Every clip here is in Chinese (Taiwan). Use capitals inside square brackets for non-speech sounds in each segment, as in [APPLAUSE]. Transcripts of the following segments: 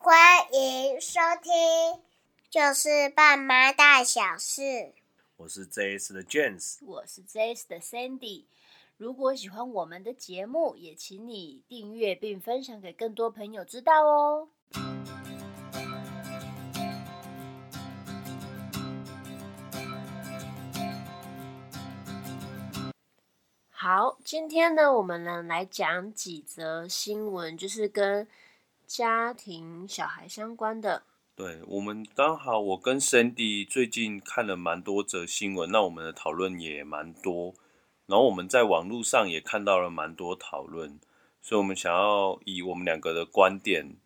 歡迎收聽，就是爸媽大小事。我是 Js 的 James，我是 Js 的 Sandy。如果喜歡我們的節目，也請你訂閱並分享給更多朋友知道哦。好，今天呢，我們呢來講幾則新聞，就是跟家庭小孩相關的，對我們剛好，我跟 Sandy 最近看了蠻多則新聞，那我們的討論也蠻多，然後我們在網絡上也看到了蠻多討論，所以我們想要以我們兩個的觀點，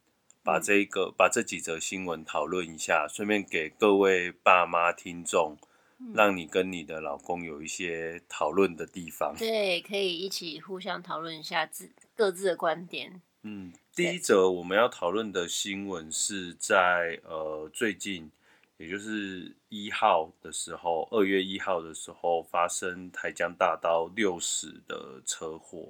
把這個、嗯、把這幾則新聞討論一下，順便給各位爸媽聽眾，嗯、讓你跟你的老公有一些討論的地方，對，可以一起互相討論一下自各自的觀點。嗯，第一則我們要討論的新聞是在對呃最近，也就是一號的時候，二月一號的時候發生台江大道六死的車禍。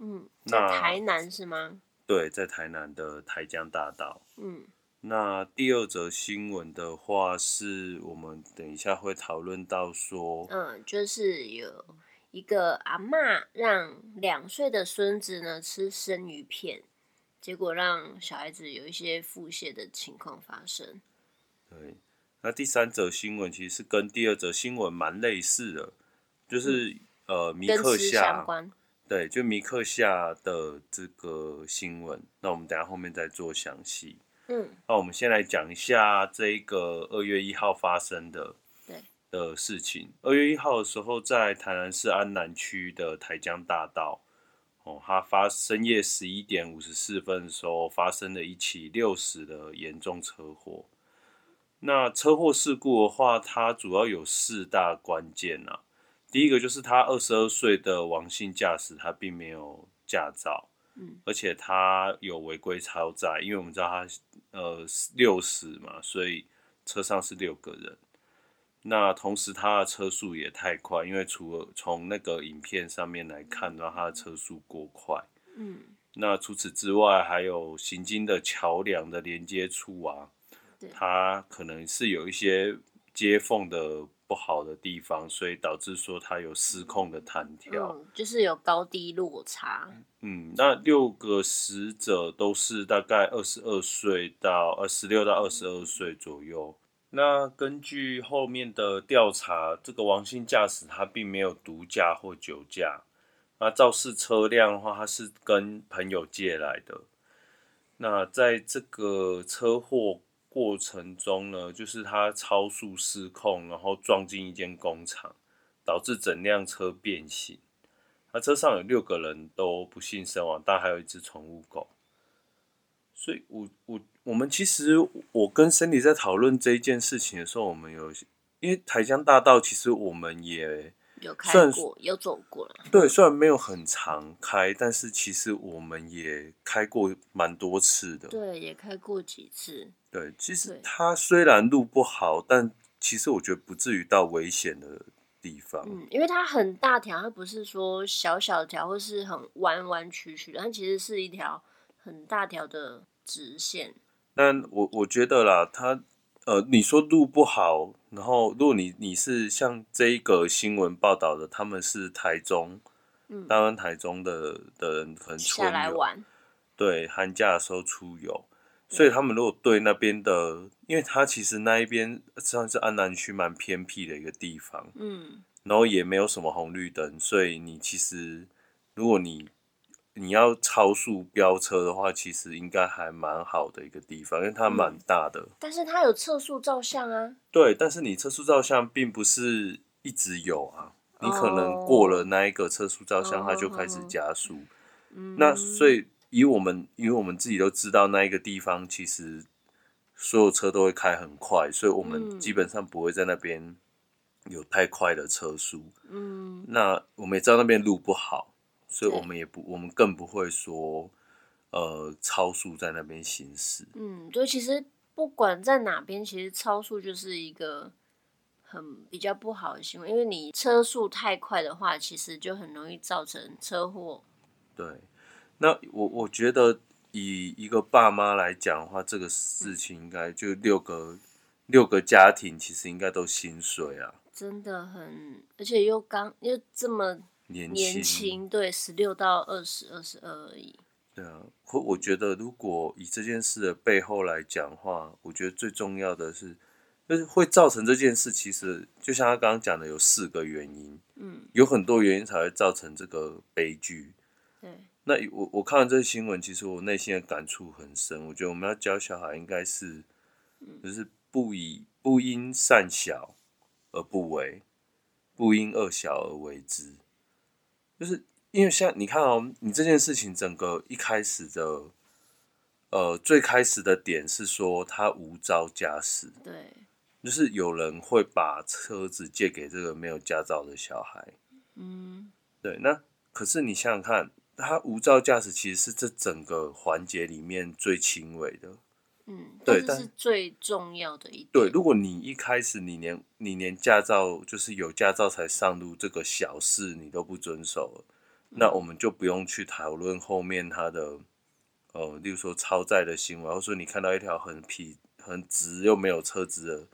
嗯，那台南是嗎？對，在台南的台江大道。嗯，那第二則新聞的話，是我們等一下會討論到說，嗯，就是有一個阿嬤讓兩歲的孫子呢吃生魚片。結果讓小孩子有一些腹瀉的情況發生。對，那第三則新聞其實是跟第二則新聞蠻類似的，就是、嗯、呃，米克夏，對，就米克夏的這個新聞。那我們等下後面再做詳細。嗯，那我們先來講一下這一個二月一號發生的對的事情。二月一號的時候，在台南市安南區的台江大道，他發深夜十一點五十四分的時候發生了一起六十的嚴重車禍。那車禍事故的話，它主要有四大關鍵啊。第一個就是他二十二歲的王姓駕駛，他並沒有駕照，嗯，而且他有違規超載，因為我們知道他呃六十嘛，所以車上是六個人。那同時，他的車速也太快，因為除了從那個影片上面來看到，他的車速過快。嗯、那除此之外，還有行經的橋梁的連接處啊，它對可能是有一些接縫的不好的地方，所以導致說它有失控的彈跳、嗯，就是有高低落差。嗯。那六個死者都是大概二十二歲到二十六到二十二歲左右。嗯嗯那根據後面的調查，這個王姓駕駛他並沒有毒駕或酒駕。那肇事車輛的話，他是跟朋友借來的。那在這個車禍過程中呢，就是他超速失控，然後撞進一間工廠，導致整輛車變形。他車上有六個人都不幸身亡，但還有一隻寵物狗。所以，我我。我們其實，我跟森里在討論這一件事情的時候，我們有因為台江大道其實我們也有開過，有走過了。對，雖然沒有很長開，但是其實我們也開過蠻多次的。對，也開過幾次。對，其實它雖然路不好，但其實我覺得不至於到危險的地方。嗯，因為它很大條，它不是說小小條，或是很彎彎曲曲的，它其實是一條很大條的直線。但我我覺得啦，他呃，你說路不好，然後如果你你是像這一個新聞報道的，他們是台中，嗯，當然台中的、嗯、的人可能出來玩，對，寒假的時候出遊，所以他們如果對那邊的，嗯、因為他其實那一邊算是安南區蠻偏僻的一個地方，嗯，然後也沒有什麼紅綠燈，所以你其實如果你你要超速飆車的話，其實應該還蠻好的一個地方，因為它蠻大的。嗯，但是它有測速照相啊。對，但是你測速照相並不是一直有啊，oh, 你可能過了那一個測速照相，它就開始加速。Oh, oh, oh. 那所以以我們，以為我們自己都知道那一個地方，其實所有車都會開很快，所以我們基本上不會在那邊有太快的車速。嗯，oh, oh, oh. 那我們也知道那邊路不好。所以我們也不，對我們更不會說，呃，超速在那邊行駛。嗯，對，其實不管在哪邊，其實超速就是一個很比較不好的行為，因為你車速太快的話，其實就很容易造成車禍。對，那我我覺得以一個爸媽來講的話，這個事情應該就六個、嗯、六個家庭其實應該都心碎啊。真的很，而且又剛又這麼。年輕，對，十六到二十，二十二而已。對啊，我我覺得如果以這件事的背後來講話，我覺得最重要的是，就是會造成這件事。其實就像他剛剛講的，有四個原因，嗯，有很多原因才會造成這個悲劇。對，那我我看了這新聞，其實我內心的感觸很深。我覺得我們要教小孩，應該是，就是不以不因善小而不為，不因惡小而為之。就是因為像你看哦、喔，你這件事情整個一開始的，呃，最開始的點是說他無照駕駛，對，就是有人會把車子借給這個沒有駕照的小孩，嗯，對。那可是你想想看，他無照駕駛其實是這整個環節裡面最輕微的。嗯，對，這是最重要的一點。對，如果你一開始你連你連駕照就是有駕照才上路這個小事你都不遵守，嗯、那我們就不用去討論後面他的呃，例如說超載的行為，或者說你看到一條很平很直又沒有車子的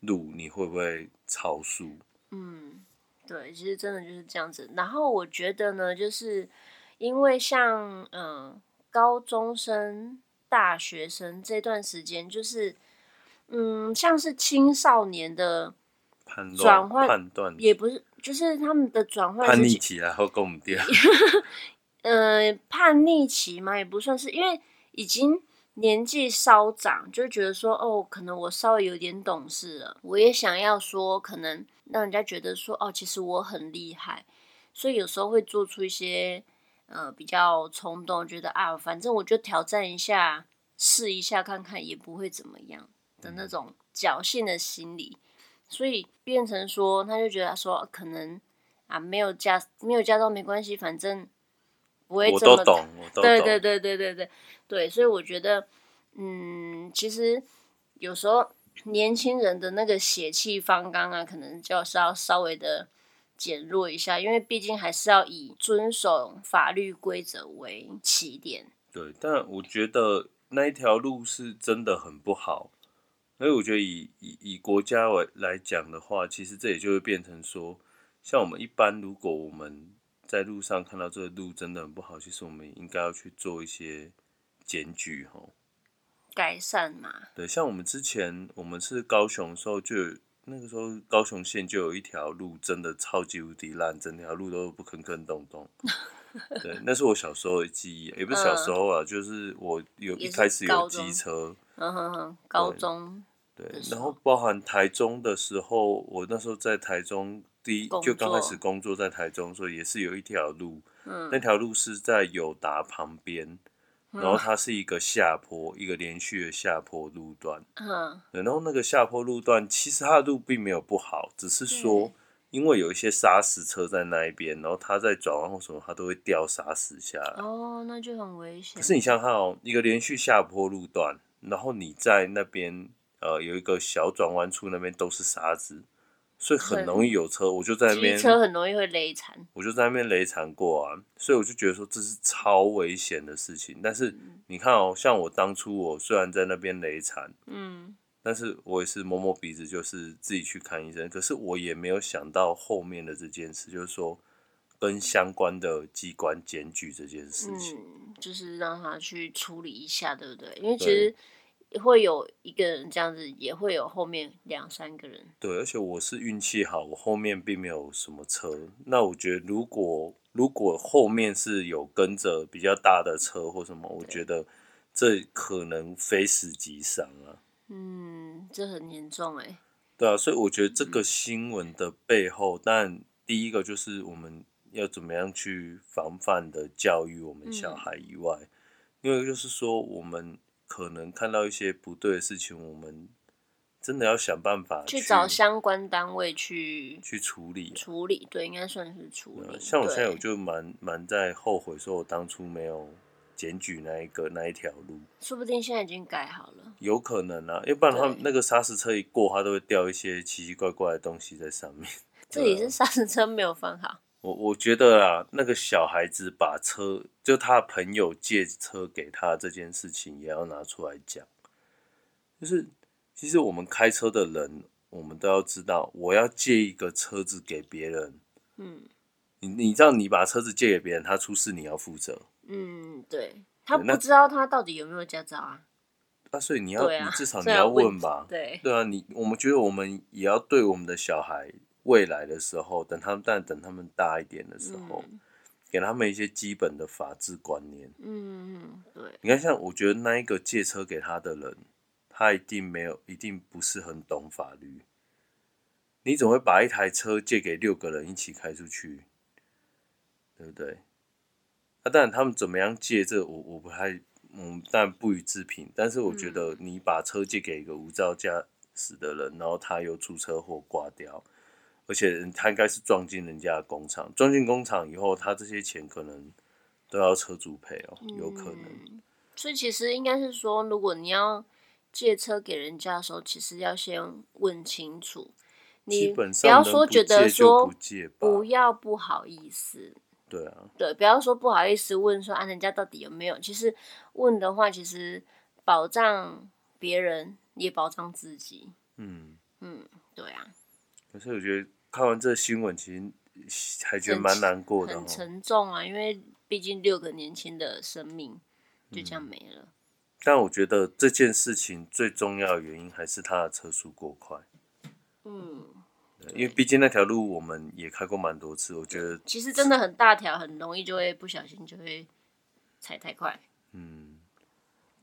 路，你會不會超速？嗯，對，其實真的就是這樣子。然後我覺得呢，就是因為像嗯、呃、高中生。大學生這段時間就是，嗯，像是青少年的轉換，判斷也不是，就是他們的轉換叛逆期啊，好講唔掂， [LAUGHS] 呃，叛逆期嘛，也不算是，因為已經年紀稍長，就覺得說，哦，可能我稍微有點懂事了，我也想要說，可能讓人家覺得說，哦，其實我很厲害，所以有時候會做出一些。呃，比較衝動，覺得啊，反正我就挑戰一下，試一下看看，也不會怎麼樣的那種僥倖的心理，嗯、所以變成說，他就覺得說，可能啊，沒有駕沒有駕照沒關係，反正不會這麼，我都懂，我都懂，對對對對對對對，所以我覺得，嗯，其實有時候年輕人的那個血氣方剛啊，可能就稍稍微的。減弱一下，因為畢竟還是要以遵守法律規則為起點。對，但我覺得那一條路是真的很不好，所以我覺得以以以國家為來講的話，其實這也就會變成說，像我們一般，如果我們在路上看到這個路真的很不好，其實我們應該要去做一些檢舉，齁，改善嘛。對，像我們之前，我們是高雄的時候就。那個時候，高雄縣就有一條路，真的超級無敵爛，整條路都不坑坑洞洞。 [LAUGHS] 對，那是我小時候的記憶、啊，也不是小時候啊，嗯、就是我有一開始有機車，嗯高中，嗯高中對，對然後包含台中的時候，我那時候在台中第一就剛開始工作在台中，所以也是有一條路，嗯、那條路是在友達旁邊。然後它是一個下坡，一個連續的下坡路段。嗯，然後那個下坡路段，其實它的路並沒有不好，只是說因為有一些砂石車在那一邊，然後它在轉彎或什麼，它都會掉砂石下來。哦，那就很危險。可是你想想看哦，一個連續下坡路段，然後你在那邊，呃，有一個小轉彎處，那邊都是沙子。所以很容易有車，我就在那邊。車很容易會雷殘，我就在那邊雷殘過啊，所以我就覺得說這是超危險的事情。但是你看哦，像我當初我雖然在那邊雷殘，嗯，但是我也是摸摸鼻子，就是自己去看醫生。可是我也沒有想到後面的這件事，就是說跟相關的機關檢舉這件事情，就是讓他去處理一下，對不對？因為其實。也會有一個人這樣子，也會有後面兩三個人。對，而且我是運氣好，我後面並沒有什麼車。那我覺得，如果如果後面是有跟着比較大的車或什麼，對我覺得這可能非死即傷啊。嗯，這很嚴重誒、欸。對啊，所以我覺得這個新聞的背後，但、嗯、第一個就是我們要怎麼樣去防範的教育我們小孩以外，嗯、因為就是說我們。可能看到一些不對的事情，我們真的要想辦法去,去找相關單位去去處理、啊、處理。對，應該算是處理、嗯。像我現在我就蠻蠻對在後悔，說我當初沒有檢舉那一個那一條路，說不定現在已經改好了。有可能啊，要不然他那個砂石車一過，他都會掉一些奇奇怪怪的東西在上面。這裡對是砂石車沒有放好。我我覺得啊，那個小孩子把車，就他朋友借車給他這件事情也要拿出來講，就是其實我們開車的人，我們都要知道，我要借一個車子給別人，嗯，你你知道你把車子借給別人，他出事你要負責，嗯，對，他不知道他到底有沒有駕照啊，啊，那那所以你要、啊、你至少你要問吧，問，對，對啊，你我們覺得我們也要對我們的小孩。未來的時候，等他們，但等他們大一點的時候，嗯、給他們一些基本的法治觀念。嗯嗯，對。你看，像我覺得那一個借車給他的人，他一定沒有，一定不是很懂法律。你總會把一台車借給六個人一起開出去，對不對？啊，當然他們怎麼樣借這個我，我我不太，嗯，但不予置評。但是我覺得，你把車借給一個無照駕駛的人，然後他又出車禍掛掉。而且他應該是撞進人家的工廠，撞進工廠以後，他這些錢可能都要車主賠哦。喔，有可能。嗯，所以其實應該是說，如果你要借車給人家的時候，其實要先問清楚。你不要說覺得說不要不好意思。對啊。對，不要說不好意思問說啊，人家到底有沒有？其實問的話，其實保障別人也保障自己。嗯嗯，對啊。可是我覺得看完這個新聞，其實還覺得蠻難過的，很沉重啊，因為畢竟六個年輕的生命就這樣沒了。但我覺得這件事情最重要的原因還是他的車速過快。嗯，因為畢竟那條路我們也開過蠻多次，我覺得其實真的很大條，很容易就會不小心就會踩太快。嗯。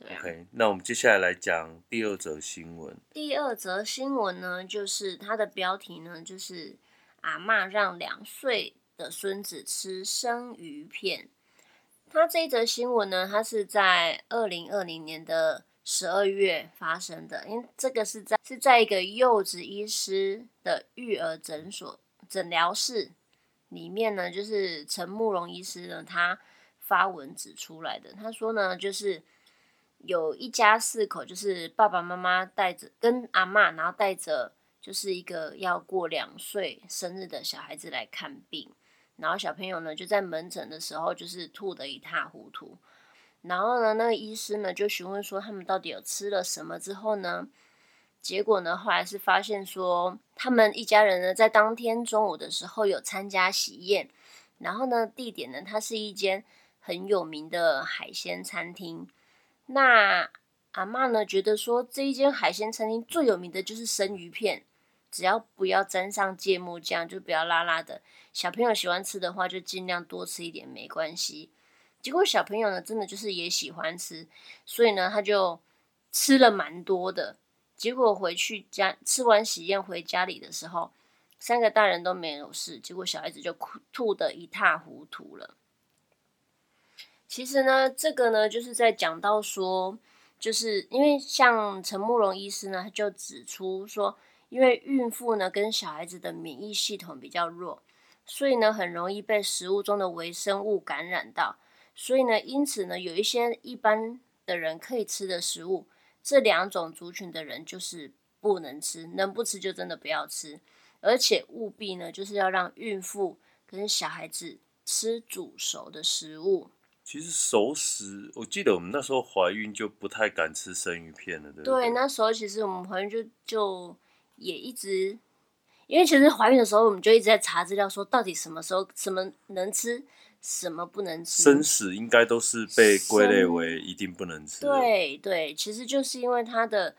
OK，那我們接下來來講第二則新聞。第二則新聞呢，就是它的標題呢，就是阿嬤讓兩歲的孫子吃生魚片。它這一則新聞呢，它是在二零二零年的十二月發生的，因為這個是在是在一個柚子醫師的育兒診所診療室裡面呢，就是陳慕容醫師呢，他發文指出來的，他說呢，就是。有一家四口，就是爸爸媽媽帶着跟阿嬤，然後帶着就是一個要過兩歲生日的小孩子來看病。然後小朋友呢，就在門診的時候就是吐得一塌糊塗。然後呢，那個醫生呢就詢問說他們到底有吃了什麼？之後呢，結果呢後來是發現說他們一家人呢在當天中午的時候有參加喜宴。然後呢，地點呢它是一間很有名的海鮮餐廳。那阿嬤呢，覺得說這一間海鮮餐廳最有名的就是生魚片，只要不要沾上芥末醬，就不要辣辣的。小朋友喜歡吃的話，就盡量多吃一點，沒關係。結果小朋友呢，真的就是也喜歡吃，所以呢，他就吃了蠻多的。結果回去家吃完喜宴回家裡的時候，三個大人都沒有事，結果小孩子就哭，吐得一塌糊塗了。其實呢，這個呢，就是在講到說，就是因為像陳慕容醫師呢，他就指出說，因為孕婦呢跟小孩子的免疫系統比較弱，所以呢很容易被食物中的微生物感染到，所以呢，因此呢，有一些一般的人可以吃的食物，這兩種族群的人就是不能吃，能不吃就真的不要吃，而且務必呢就是要讓孕婦跟小孩子吃煮熟的食物。其實熟食，我記得我們那時候懷孕就不太敢吃生魚片了，對不對？對，那時候其實我們懷孕就就也一直，因為其實懷孕的時候我們就一直在查資料，說到底什麼時候什麼能吃，什麼不能吃。生食應該都是被歸類為一定不能吃。對對，其實就是因為它的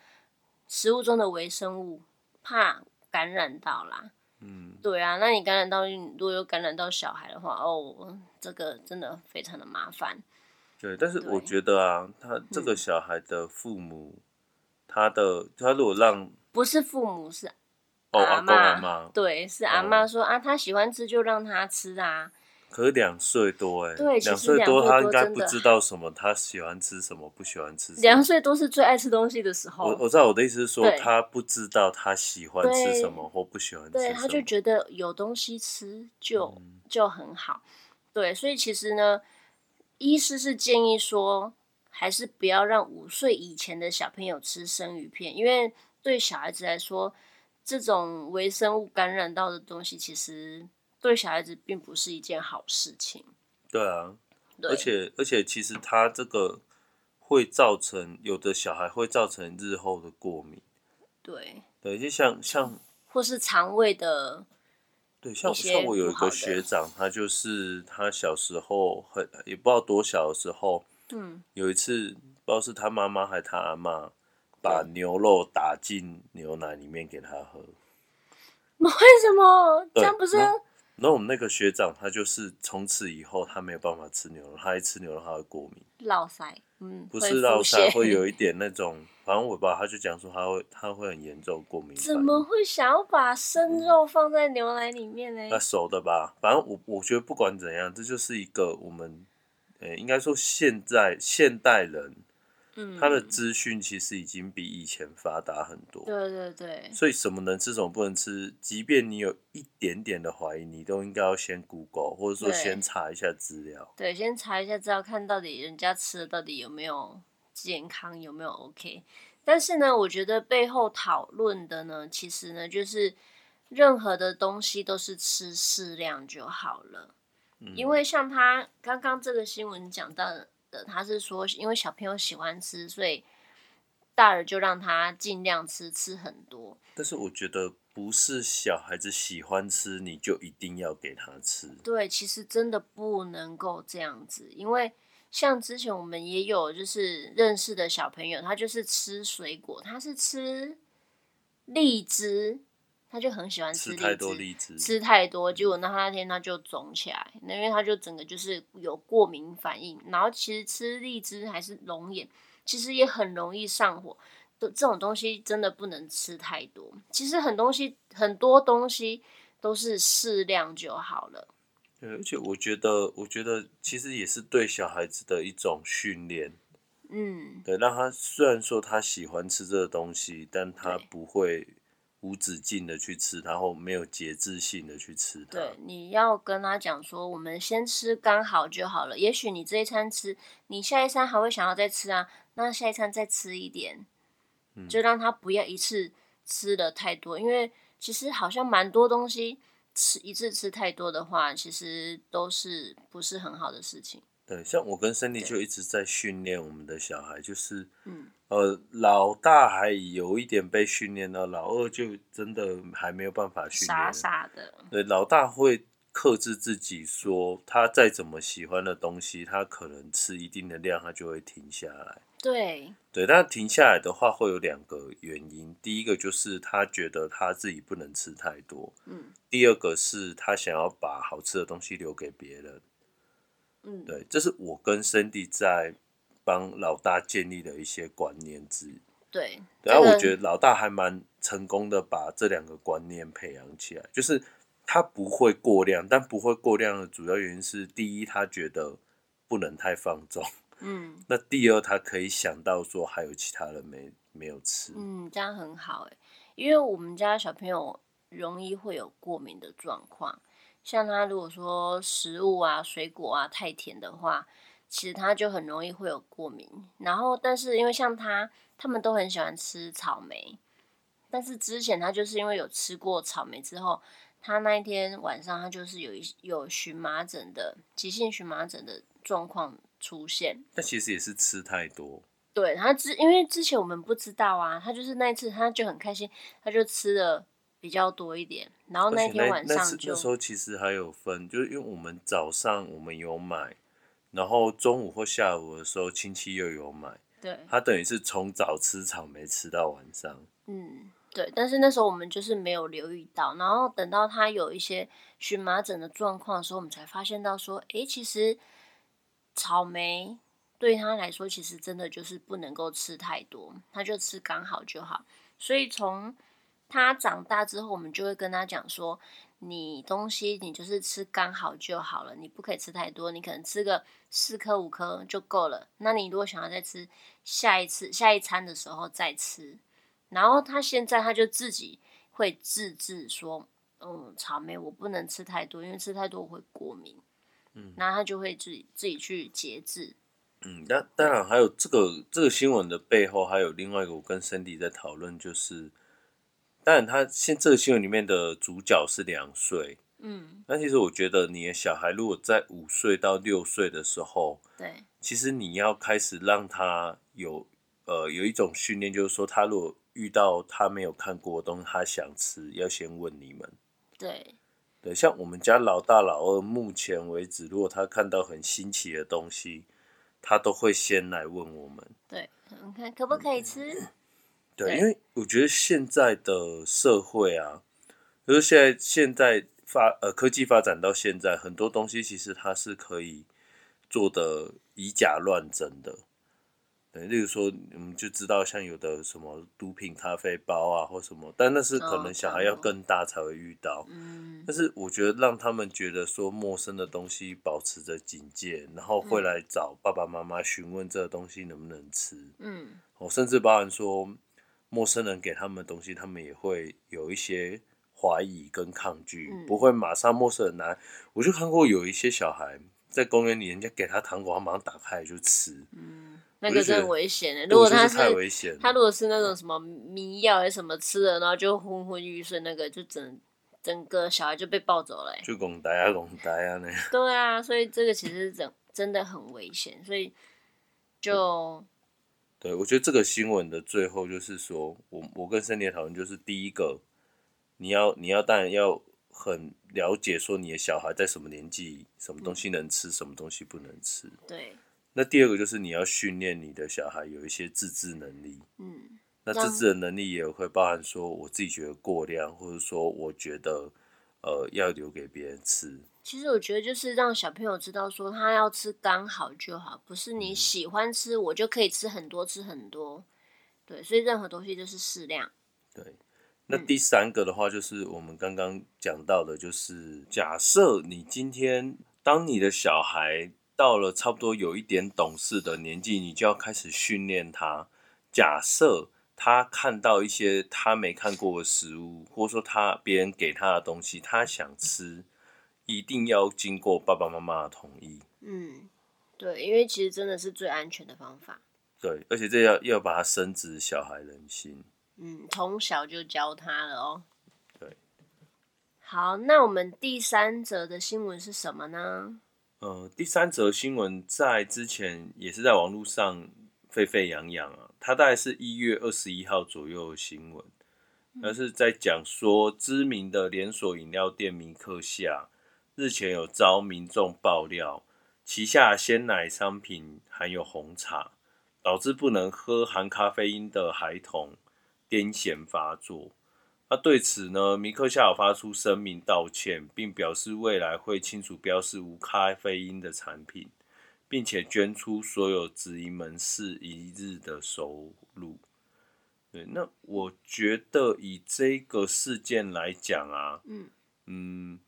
食物中的微生物怕感染到啦。嗯，對啊，那你感染到，如果有感染到小孩的話，哦，這個真的非常的麻煩。對，但是我覺得啊，對他這個小孩的父母，嗯、他的他如果讓不是父母是阿嬤，哦，阿公阿嬤，對，是阿媽說、哦、啊，他喜歡吃就讓他吃啊。可兩歲多哎、欸，兩歲對多他應該不知道什麼，他喜歡吃什麼，不喜歡吃什麼。兩歲多是最愛吃東西的時候。我我知道我的意思是說，對他不知道他喜歡吃什麼對或不喜歡吃什麼，對，他就覺得有東西吃就、嗯、就很好。對，所以其實呢，醫師是建議說，還是不要讓五歲以前的小朋友吃生魚片，因為對小孩子來說，這種微生物感染到的東西其實。對小孩子並不是一件好事情。對啊，而且對而且，而且其實他這個會造成有的小孩會造成日後的過敏。對。對，就像像或是腸胃的、的。對，像像我有一個學長，他就是他小時候很也不知道多小的時候，嗯，有一次不知道是他媽媽還是他阿嬤，對把牛肉打進牛奶裡面給他喝。為什麼？這樣不是、欸。那我們那個學長，他就是從此以後，他沒有辦法吃牛肉，他一吃牛肉他會過敏。老塞，嗯，不是老塞，會、會有一點那種，反正我爸他就講說他會，他會很嚴重過敏。怎麼會想要把生肉放在牛奶裡面呢？那、嗯、熟的吧，反正我我覺得不管怎樣，這就是一個我們，呃，應該說現在現代人。他的資訊其實已經比以前發達很多。嗯，對對對，所以什麼能吃，什麼不能吃，即便你有一點點的懷疑，你都應該要先 Google，或者說先查一下資料。對，對，先查一下資料，看到底人家吃的到底有沒有健康，有沒有 OK。但是呢，我覺得背後討論的呢，其實呢，就是任何的東西都是吃適量就好了，嗯。因為像他剛剛這個新聞講到的。他是說，因為小朋友喜歡吃，所以大人就讓他儘量吃，吃很多。但是我覺得，不是小孩子喜歡吃，你就一定要給他吃。對，其實真的不能夠這樣子，因為像之前我們也有就是認識的小朋友，他就是吃水果，他是吃荔枝。他就很喜歡吃荔枝，吃太多荔枝，吃太多，結果那那天他就腫起來，嗯、因為他就整個就是有過敏反應。然後其實吃荔枝還是龍眼，其實也很容易上火，都這種東西真的不能吃太多。其實很多東西，很多東西都是適量就好了。對，而且我覺得，我覺得其實也是對小孩子的一種訓練。嗯，對，那他雖然說他喜歡吃這個東西，但他不會。無止境的去吃，然後沒有節制性的去吃。對，你要跟他講說，我們先吃剛好就好了。也許你這一餐吃，你下一餐還會想要再吃啊，那下一餐再吃一點，嗯，就讓他不要一次吃的太多，因為其實好像蠻多東西吃一次吃太多的話，其實都是不是很好的事情。對，像我跟森迪就一直在訓練我們的小孩，對就是，嗯，呃，老大還有一點被訓練了，老二就真的還沒有辦法訓練。傻傻的。對，老大會克制自己，說他再怎麼喜歡的東西，他可能吃一定的量，他就會停下來。對。對，但停下來的話會有兩個原因，第一個就是他覺得他自己不能吃太多，嗯，第二個是他想要把好吃的東西留給別人。嗯，對，這是我跟 Cindy 在幫老大建立的一些觀念之。對，然後我覺得老大還蠻成功的把這兩個觀念培養起來，就是他不會過量，但不會過量的主要原因是，第一他覺得不能太放縱，嗯，那第二他可以想到說，還有其他人沒沒有吃，嗯，這樣很好哎、欸，因為我們家小朋友容易會有過敏的狀況。像他如果說食物啊、水果啊太甜的話，其實他就很容易會有過敏。然後，但是因為像他，他們都很喜歡吃草莓，但是之前他就是因為有吃過草莓之後，他那一天晚上他就是有一有蕁麻疹的急性蕁麻疹的狀況出現。那其實也是吃太多。對，他之因為之前我們不知道啊，他就是那一次他就很開心，他就吃了。比較多一點，然後那天晚上就那，那，時那時候其實還有分，就是因為我們早上我們有買，然後中午或下午的時候親戚又有買，對，他等於是從早吃草莓吃到晚上，嗯，對。但是那時候我們就是沒有留意到，然後等到他有一些蕁麻疹的狀況的時候，我們才發現到說，欸，其實草莓對他來說，其實真的就是不能夠吃太多，他就吃剛好就好，所以從。他長大之後，我們就會跟他講說：“你東西你就是吃剛好就好了，你不可以吃太多，你可能吃個四顆五顆就夠了。那你如果想要再吃，下一次下一餐的時候再吃。”然後他現在他就自己會自制說：“嗯，草莓我不能吃太多，因為吃太多我會過敏。”嗯，然後他就會自己自己去節制。嗯，那當然還有這個這個新聞的背後，還有另外一個我跟 Cindy 在討論就是。但他現這個新聞裡面的主角是兩歲，嗯，那其實我覺得你的小孩如果在五歲到六歲的時候，對，其實你要開始讓他有，呃，有一種訓練，就是說他如果遇到他沒有看過的東西，他想吃，要先問你們，對，對，像我們家老大老二，目前為止，如果他看到很新奇的東西，他都會先來問我們，對，你看可不可以吃？嗯對，因為我覺得現在的社會啊，就是現在現在發呃科技發展到現在，很多東西其實它是可以做的以假亂真的。對，例如說，我們就知道像有的有什麼毒品咖啡包啊，或什麼，但那是可能小孩要更大才會遇到。Oh, okay. 但是我覺得讓他們覺得說陌生的東西保持着警戒，然後會來找爸爸媽媽詢問這個東西能不能吃。嗯、哦。我甚至包含說。陌生人給他們的東西，他們也會有一些懷疑跟抗拒，嗯，不會馬上陌生人拿。我就看過有一些小孩在公園裡，人家給他糖果，他馬上打開就吃。嗯，那個是很危險的，如果他是，是太危險，他如果是那種什麼迷藥還是什麼吃的，然後就昏昏欲睡，那個就整整個小孩就被抱走了。就拱呆啊，拱呆啊，那樣，對啊，所以這個其實整真的很危險，所以就。嗯對，我覺得這個新聞的最後就是說，我我跟森田討論，就是第一個，你要你要當然要很了解說你的小孩在什麼年紀，什麼東西能吃，什麼東西不能吃。嗯，對。那第二個就是你要訓練你的小孩有一些自制能力。嗯。那自制的能力也會包含說，我自己覺得過量，或者說我覺得。呃，要留給別人吃。其實我覺得就是讓小朋友知道，說他要吃剛好就好，不是你喜歡吃我就可以吃很多吃很多。嗯、對，所以任何東西就是適量。對，那第三個的話就是我們剛剛講到的，就是假設你今天當你的小孩到了差不多有一點懂事的年紀，你就要開始訓練他。假設。他看到一些他沒看過的食物，或者說他別人給他的東西，他想吃，一定要經過爸爸媽媽的同意。嗯，對，因為其實真的是最安全的方法。對，而且這要要把他深植小孩人心。嗯，從小就教他了哦。對。好，那我們第三則的新聞是什麼呢？呃，第三則新聞在之前也是在網絡上沸沸揚揚啊。他大概是一月二十一號左右的新聞，而是在講說，知名的連鎖飲料店迷客夏日前有遭民眾爆料，旗下鮮奶商品含有紅茶，導致不能喝含咖啡因的孩童癲癇發作。那、啊、對此呢，迷客夏有發出聲明道歉，並表示未來會清楚標示無咖啡因的產品。並且捐出所有直營門市一日的收入。對，那我覺得以這個事件來講啊，嗯，嗯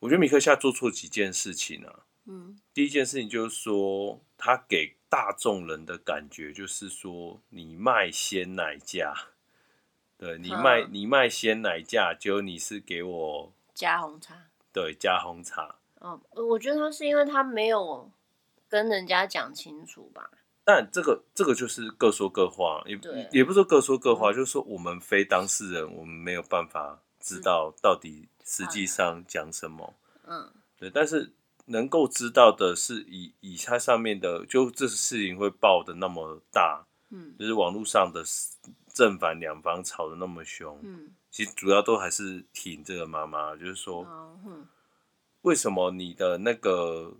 我覺得米克夏做錯幾件事情呢、啊。嗯、第一件事情就是說，他給大眾人的感覺就是說，你鮮，你賣鮮奶價，對、嗯、你賣你賣鮮奶價，結果你是給我加紅茶，對，加紅茶、哦。我覺得他是因為他沒有。跟人家講清楚吧。但這個這個就是各說各話，也對也不是說各說各話，就是說我們非當事人，我們沒有辦法知道到底實際上講什麼。嗯，對。但是能夠知道的是以，以以他上面的，就這事情會爆的那麼大，嗯，就是網絡上的正反兩方吵得那麼兇，嗯，其實主要都還是挺這個媽媽，就是說，嗯，為什麼你的那個。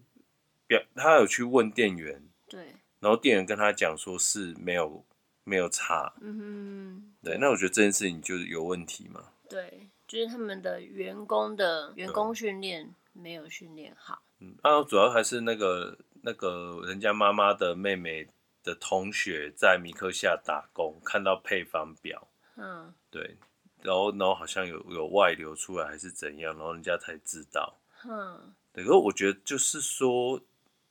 表他有去問店員，對，然後店員跟他講說是沒有沒有差。嗯，哼嗯對，那我覺得這件事情就是有問題嘛，對，就是他們的員工的員工訓練沒有訓練好，嗯，然、啊、主要還是那個那個人家媽媽的妹妹的同學在迷客夏打工，看到配方表，嗯，對，然後然後好像有有外流出來還是怎樣，然後人家才知道，嗯，可是我覺得就是說。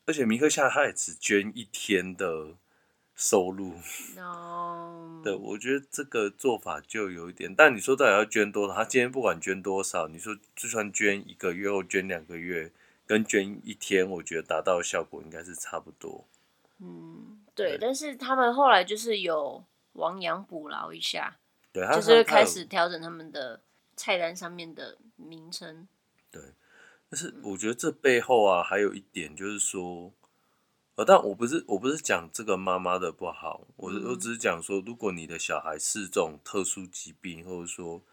而且迷客夏他也只捐一天的收入，No. [LAUGHS] 對，我覺得這個做法就有一點，但你說到底要捐多少？他今天不管捐多少，你說就算捐一個月或捐兩個月，跟捐一天，我覺得達到的效果應該是差不多。嗯，對，對但是他們後來就是有亡羊補牢一下，對，他就是開始調整他們的菜單上面的名稱，對。但是我覺得這背後啊，還有一點就是說，呃，但我不是我不是講這個媽媽的不好，嗯、我我只是講說，如果你的小孩是這種特殊疾病，或者說，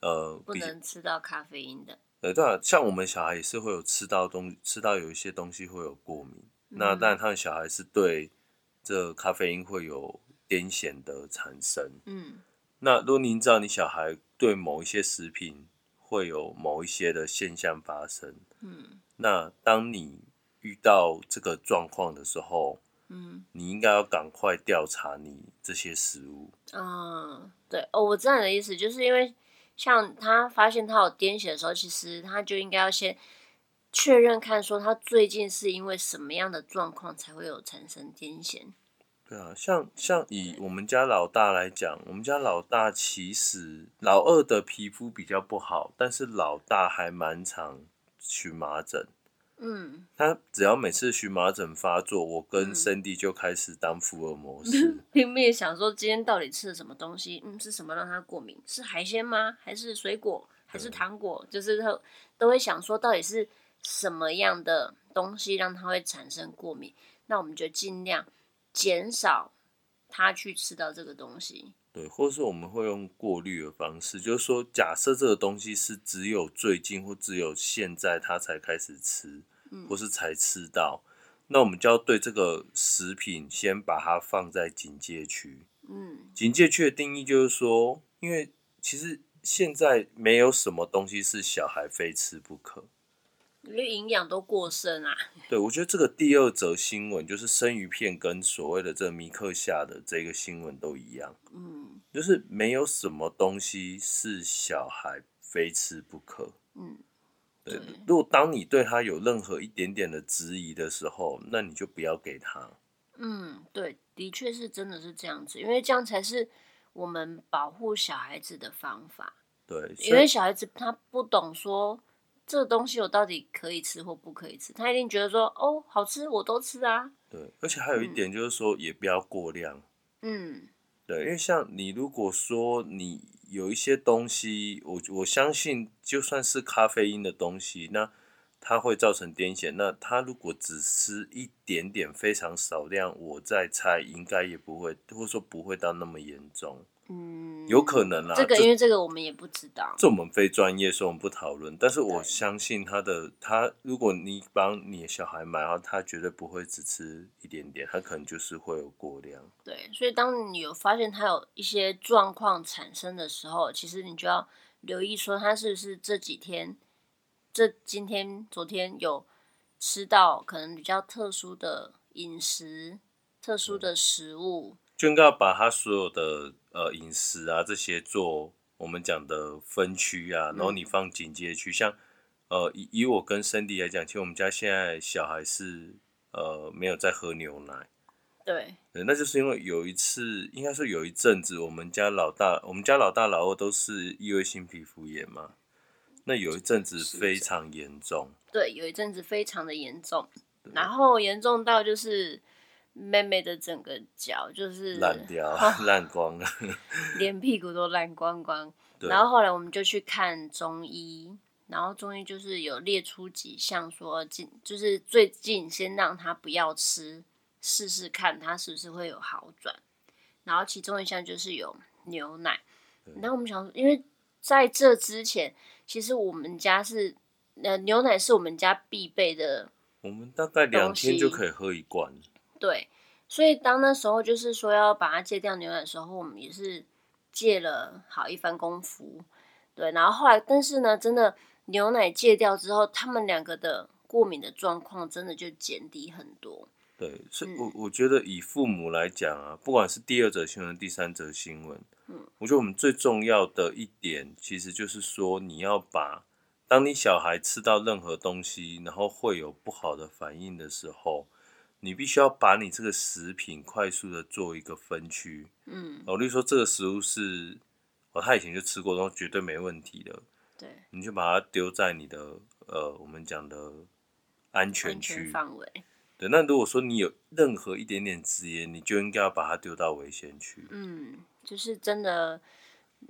呃，不能吃到咖啡因的，呃，對啊，像我們小孩也是會有吃到東吃到有一些東西會有過敏，嗯、那但他的小孩是對這咖啡因會有癲癇的產生，嗯，那如果您知道你小孩對某一些食品，會有某一些的現象發生，嗯，那當你遇到這個狀況的時候，嗯，你應該要趕快調查你這些食物。啊、嗯，對哦，我這樣的意思就是因為，像他發現他有癲癇的時候，其實他就應該要先確認看，說他最近是因為什麼樣的狀況才會有產生癲癇。對啊，像像以我們家老大來講，我們家老大其實老二的皮膚比較不好，但是老大還蠻常蕁麻疹。嗯，他只要每次蕁麻疹發作，我跟 Sandy 就開始當福爾摩斯，拼命，嗯、 [LAUGHS] 想說今天到底吃了什麼東西？嗯，是什麼讓他過敏？是海鮮嗎？還是水果？還是糖果？嗯、就是他都，都會想說到底是什麼樣的東西讓他會產生過敏？那我們就儘量。減少他去吃到這個東西，對，或是我們會用過濾的方式，就是說，假設這個東西是只有最近或只有現在他才開始吃，嗯、或是才吃到，那我們就要對這個食品先把它放在警戒區。嗯，警戒區的定義就是說，因為其實現在沒有什麼東西是小孩非吃不可。因為營養都過剩啊。對，我覺得這個第二則新聞就是生魚片跟所謂的這個迷客夏的這個新聞都一樣。嗯，就是沒有什麼東西是小孩非吃不可。嗯，對。對，如果當你對他有任何一點點的質疑的時候，那你就不要給他。嗯，對，的確是真的是這樣子，因為這樣才是我們保護小孩子的方法。對，所以因為小孩子他不懂說。這個東西我到底可以吃或不可以吃？他一定覺得說，哦，好吃，我都吃啊。對，而且還有一點就是說，也不要過量。嗯，對，因為像你如果說你有一些東西，我我相信就算是咖啡因的東西，那。它會造成癲癇。那他如果只吃一點點，非常少量，我在猜應該也不會，或者說不會到那麼嚴重。嗯，有可能啦。這個因為這個我們也不知道，這我們非專業，所以我們不討論。但是我相信他的，他對如果你幫你的小孩買，然後他絕對不會只吃一點點，他可能就是會有過量。對，所以當你有發現他有一些狀況產生的時候，其實你就要留意說他是不是這幾天，今天、昨天有吃到可能比較特殊的飲食、特殊的食物，嗯、就應該要把它所有的呃飲食啊這些做我們講的分區啊，然後你放警戒區。嗯、像呃以以我跟森迪來講，其實我們家現在小孩是呃沒有在喝牛奶，對，對，那就是因為有一次，應該說有一陣子，我們家老大、我們家老大老二都是異位性皮膚炎嘛。那有一陣子非常嚴重，對，有一陣子非常的嚴重，對然後嚴重到就是妹妹的整個腳就是爛掉、爛光了，連屁股都爛光光。對然後後來我們就去看中醫，然後中醫就是有列出幾項說近，就是最近先讓他不要吃，試試看他是不是會有好轉。然後其中一項就是有牛奶，對然後我們想說，因為在這之前。其實我們家是，呃，牛奶是我們家必備的。我們大概兩天就可以喝一罐。對，所以當那時候就是說要把它戒掉牛奶的時候，我們也是戒了好一番功夫。對，然後後來，但是呢，真的牛奶戒掉之後，他們兩個的過敏的狀況真的就減低很多。對，所以我、嗯、我覺得以父母來講啊，不管是第二則新聞、第三則新聞。我覺得我們最重要的一點，其實就是說，你要把，當你小孩吃到任何東西，然後會有不好的反應的時候，你必須要把你這個食品快速的做一個分區。嗯，我例如說這個食物是，哦，他以前就吃過，都絕對沒問題的。對，你就把它丟在你的，呃，我們講的安全區範圍。安全，對，那如果說你有任何一點點質疑，你就應該要把它丟到危險區。嗯。就是真的，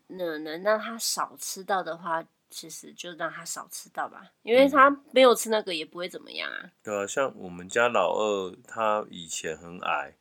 能能讓他少吃到的話，其實就讓他少吃到吧，因為他沒有吃那個也不會怎麼樣啊。嗯，對啊，像我們家老二，他以前很矮，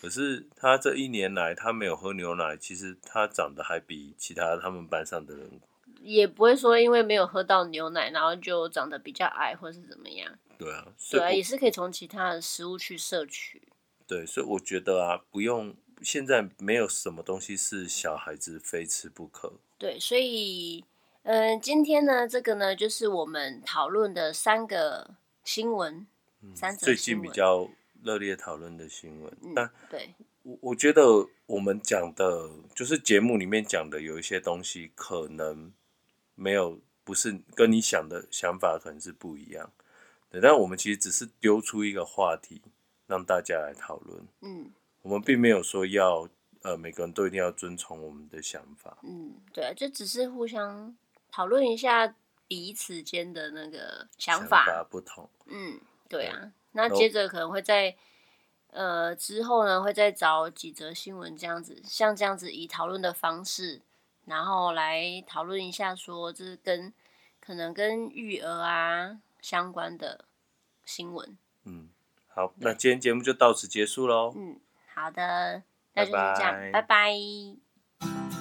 可是他這一年來他沒有喝牛奶，其實他長得還比其他他們班上的人，也不會說因為沒有喝到牛奶，然後就長得比較矮或是怎麼樣。對啊，所以我，對啊，也是可以從其他的食物去攝取。對，所以我覺得啊，不用。現在沒有什麼東西是小孩子非吃不可。對，所以，嗯、呃，今天呢，這個呢，就是我們討論的三個新聞，嗯、三則新聞最近比較熱烈討論的新聞。那、嗯、但對我，我覺得我們講的，就是節目裡面講的，有一些東西可能沒有，不是跟你想的想法可能是不一樣。對，但我們其實只是丟出一個話題，讓大家來討論。嗯。我們並沒有說要，呃，每個人都一定要遵從我們的想法。嗯，對啊，就只是互相討論一下彼此間的那個想法，想法不同。嗯，對啊，嗯、那接着可能會在、哦、呃之後呢，會再找幾則新聞這樣子，像這樣子以討論的方式，然後來討論一下說是，這跟可能跟育兒啊相關的新聞。嗯，好，對那今天節目就到此結束嘍。嗯。好的，那就是這樣，拜拜。拜拜。